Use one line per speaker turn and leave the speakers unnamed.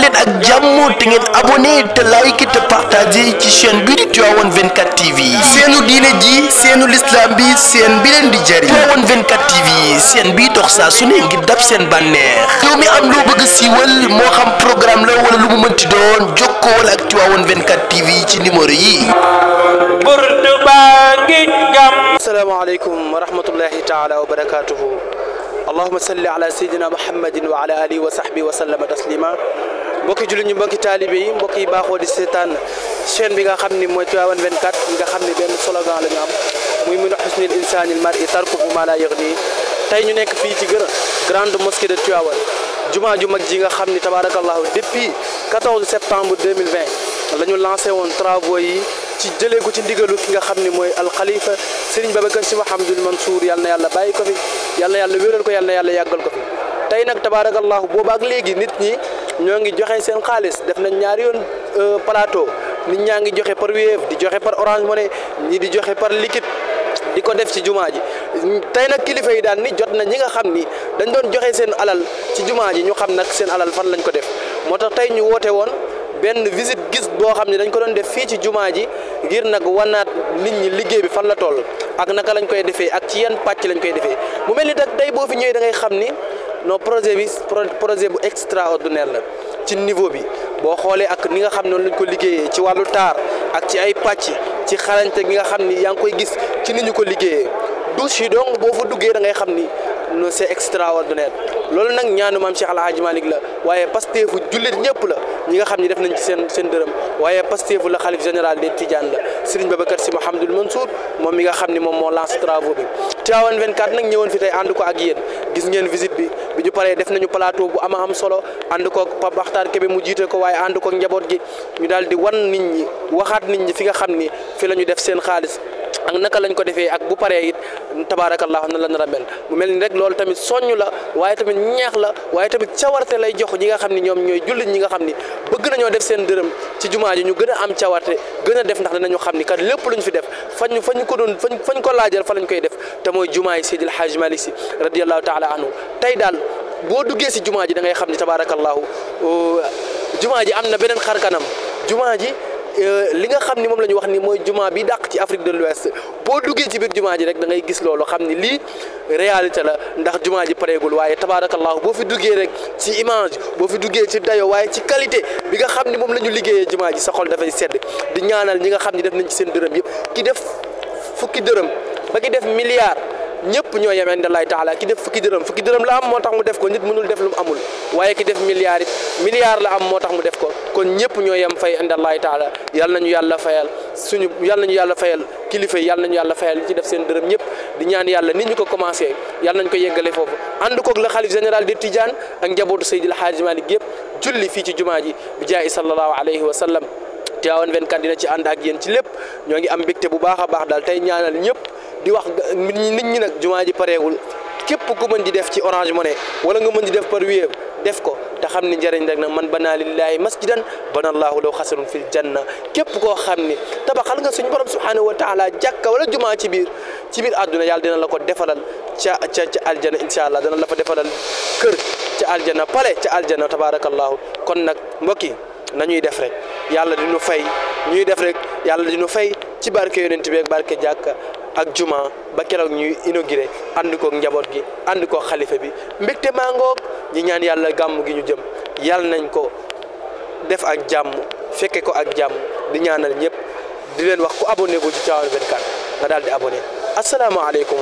leen ak jàmm te ngeen abonné te like ci chaîne bi di Tivaouane 24 TV seenu diine ji seenu lislaam bi seen bi di jëriñ Tivaouane 24 TV seen bi dox saa su ne ngir dab seen bànneex yow mi am loo bëgg siiwal moo xam programme la wala lu mu mënti doon jokkool ak Tivaouane 24 ci numéro yi السلام عليكم ورحمة الله تعالى وبركاته اللهم صل على سيدنا محمد وعلى آله وصحبه وسلم تسليما بوكي جولي بوكي طالبي بوكي باخو دي سيتان شين بيغا خامني موي 24 بيغا خامني بن سلوغان لا نام موي من حسن الانسان المرء تركه ما لا يغني تاي ني نيك في تي غرا غراند موسكي دي تياوان جمعة جمعة جيغا خامني تبارك الله ديبي 14 سبتمبر 2020 لا نيو لانسي ci jele ko ci ndigalu ki nga xamni moy al khalifa Serigne babakar Sy Mouhamadoul Mansour yalla yalla yàlla ko fi yalla yalla yàlla ko yalla yalla yagal ko fi tay nak tabarakallah boba ak legi nit ñi ñoo ngi joxe sen xaalis def nañ ñaar yoon euh, plateau nit ñaa ngi joxe par Wave di joxe par Orange Money ñi di joxe par liquide di def ci jumaa ji tey nag kilifa yi daan ni jot na ñi nga xamni dañ doon joxe sen alal ci jumaa ji ñu xam nak sen alal fan lañ ko def motax tay ñu wote won benn visite gis boo xam ne dañ ko doon def fii ci jumaa ji ngir nag wanaat nit ñi liggéey bi fan la toll ak naka lañ koy defee ak ci yan pàcc lañ koy defee mu mel ni nag tey boo fi ñëwee dangay xam ni non projet bi projet bu extraordinaire la ci niveau bi boo xoolee ak ni nga xam ne noonu ñu ko liggéeyee ci wàllu taar ak ci ay pàcc ci xarañte gi nga xam ni yaa ngi koy gis ci ni ñu ko liggéeyee. douche donc bo fa duggé da ngay xamni ni c'est extraordinaire loolu nak ñaanu mam Cheikh El Hadj Malick la waaye pasteefu julit ñepp la ñi nga xamni def nañ ci sen seen dërëm waaye pasteefu la khalif général des Tidiane la Serigne Babacar si mohamdoul Mansour mom mi nga xamni mom mo lance travaux bi Tivaouane 24 nak ñewon fi tay and ko ak yeen gis ngeen visite bi bi ñu def nañu plateau bu ama am solo and ko pa Makhtar kebe mu jité ko waye and ko njabot gi ñu daldi di wan nit ñi waxat nit ñi fi nga xamni fi lañu def sen khalis ak naka lañ ko defee ak bu paree it am na la nar a mel mu mel ni rek loolu tamit soññ la waaye tamit ñeex la waaye tamit cawarte lay jox ñi nga xam ni ñoom ñooy jullit ñi nga xam ni bëgg nañoo def seen dërëm ci jumaa ji ñu gën am cawarte gën a def ndax danañu xam ni kat lépp luñ fi def fañ ñu ko doon fañ fañ ko laajal fa lañ koy def te mooy jumaa yi Seydil Hadj Malick Sy radiyallahu taala anhu tey daal boo duggee si jumaa ji da ngay xam ni tabaarakallahu oh, jumaa ji am na beneen xar kanam jumaa ji Euh, li nga xam ni moom la ñu wax ni mooy jumaa bi dàq ci Afrique de lu l'Ouest boo duggee ci biir jumaa ji rek da ngay gis loolu xam ni lii réalité la ndax jumaa ji pareegul waaye tabaarakallahu boo fi duggee rek ci image boo fi duggee ci dayo waaye ci qualité bi nga xam ni moom la ñu liggéeyee jumaa ji sa xol dafay sedd di ñaanal ñi nga xam ni def nañ ci seen dërëm yëpp ki def fukki dërëm ba ki def milliard ñëpp ñoo yem indallaahi taala ki def fukki dërëm fukki dërëm la am moo tax mu def ko nit mënul def lu mu amul waaye ki def milliard it la am moo tax mu def ko kon ñëpp ñoo yem fay indallaahi taala yal ñu yàlla fayal suñu yal nañu yàlla fayal kilifa yi yal nañu yàlla fayal ñu ci def seen dërëm ñëpp di ñaan yàlla nit ñu ko commencé yal nañ ko yeggale foofu ànd koog la xalif général de Tidiane ak njabootu Seydil Hadji Malick yëpp julli fii ci jumaa ji bi jaay sallallahu alayhi wa sallam Tivaouane 24 dina ci ànd ak yéen ci lépp ñoo ngi am mbégte bu baax a baax daal tey ñaanal ñëpp di wax nit ñi nag jumaa ji pareegul képp ku mën di def ci Orange Money wala nga mën di def par Wave def ko te xam ni njëriñ rek na man banaa lillaahi masjidan banallaahu law xasarun fil janna képp koo xam ni tabaxal nga suñu borom subhaanahu wa taala jàkka wala jumaa ci biir ci biir àdduna yàlla dina la ko defalal ca ca ca aljana incha allah dana la fa defalal kër ca aljana pale ca aljana tabaarakallaahu kon nag mbokk yi nañuy def rek yàlla dinu fay ñuy def rek yàlla dinu fay ci barke yonent bi ak barke jàkka ak juma ba keroog ñuy inauguré ànd koog njaboot gi ànd koog xalifa bi mbégte maa ngoog ñi ñaan yàlla gàmm gi ñu jëm yàlla nañ ko def ak jàmm fekke ko ak jàmm di ñaanal ñëpp di leen wax ku abonné gul ci Tivaouane 24 nga daal di abonné aleykum